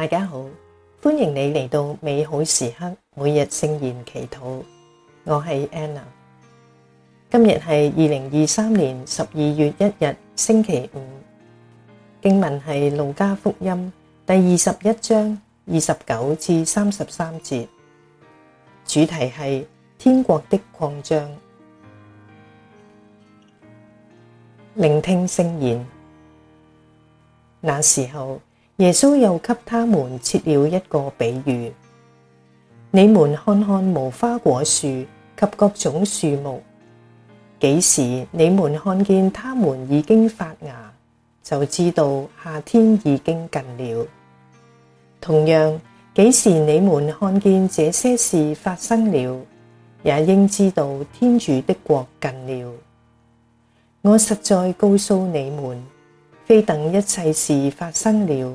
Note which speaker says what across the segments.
Speaker 1: 大家好，歡迎你嚟到美好時刻每日聖言祈禱，我係 Anna。今日係二零二三年十二月一日星期五，經文係路加福音第二十一章二十九至三十三節，主題係天國的擴張。聆聽聖言，那時候。耶穌又給他們設了一個比喻：你們看看無花果樹及各種樹木，幾時你們看見它們已經發芽，就知道夏天已經近了。同樣，幾時你們看見這些事發生了，也應知道天主的國近了。我實在告訴你們，非等一切事發生了。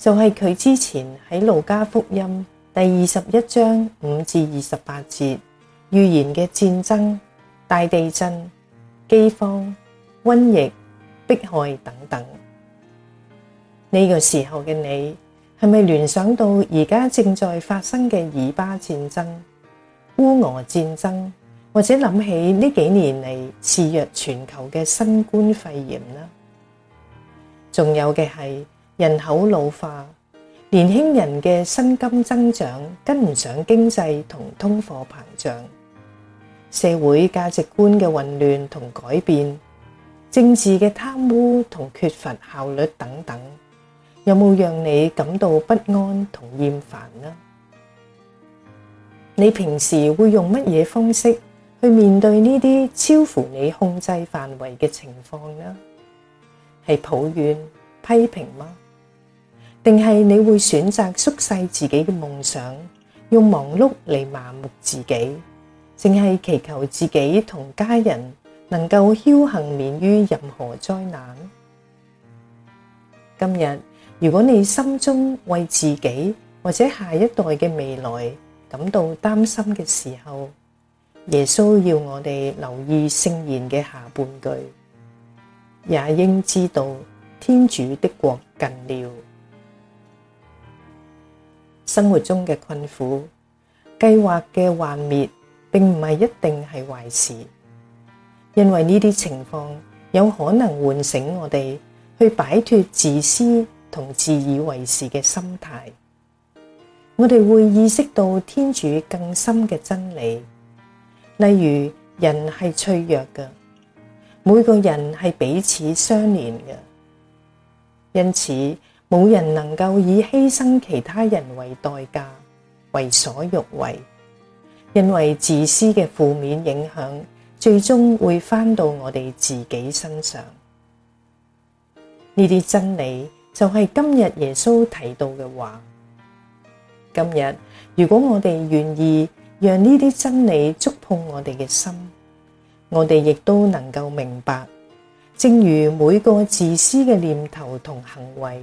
Speaker 1: 就係佢之前喺路加福音第二十一章五至二十八節預言嘅戰爭、大地震、饑荒、瘟疫、迫害等等。呢個時候嘅你係咪聯想到而家正在發生嘅以巴戰爭、烏俄戰爭，或者諗起呢幾年嚟肆虐全球嘅新冠肺炎呢？仲有嘅係。人口老化，年輕人嘅薪金增長跟唔上經濟同通貨膨脹，社會價值觀嘅混亂同改變，政治嘅貪污同缺乏效率等等，有冇讓你感到不安同厭煩呢？你平時會用乜嘢方式去面對呢啲超乎你控制範圍嘅情況呢？係抱怨、批評嗎？定係你會選擇縮細自己嘅夢想，用忙碌嚟麻木自己，淨係祈求自己同家人能夠僥倖免於任何災難。今日如果你心中為自己或者下一代嘅未來感到擔心嘅時候，耶穌要我哋留意聖言嘅下半句，也應知道天主的國近了。生活中嘅困苦、計劃嘅幻滅，並唔係一定係壞事，因為呢啲情況有可能喚醒我哋去擺脫自私同自以為是嘅心態。我哋會意識到天主更深嘅真理，例如人係脆弱嘅，每個人係彼此相連嘅，因此。冇人能夠以犧牲其他人為代價為所欲為，因為自私嘅負面影響最終會返到我哋自己身上。呢啲真理就係今日耶穌提到嘅話。今日如果我哋願意讓呢啲真理觸碰我哋嘅心，我哋亦都能夠明白，正如每個自私嘅念頭同行為。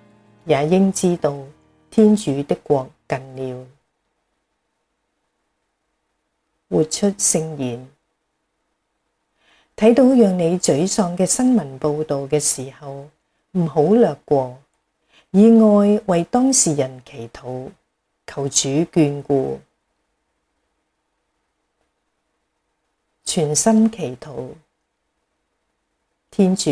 Speaker 1: 也應知道天主的國近了，活出聖言。睇到讓你沮喪嘅新聞報道嘅時候，唔好略過，以愛為當事人祈禱，求主眷顧，全心祈禱，天主。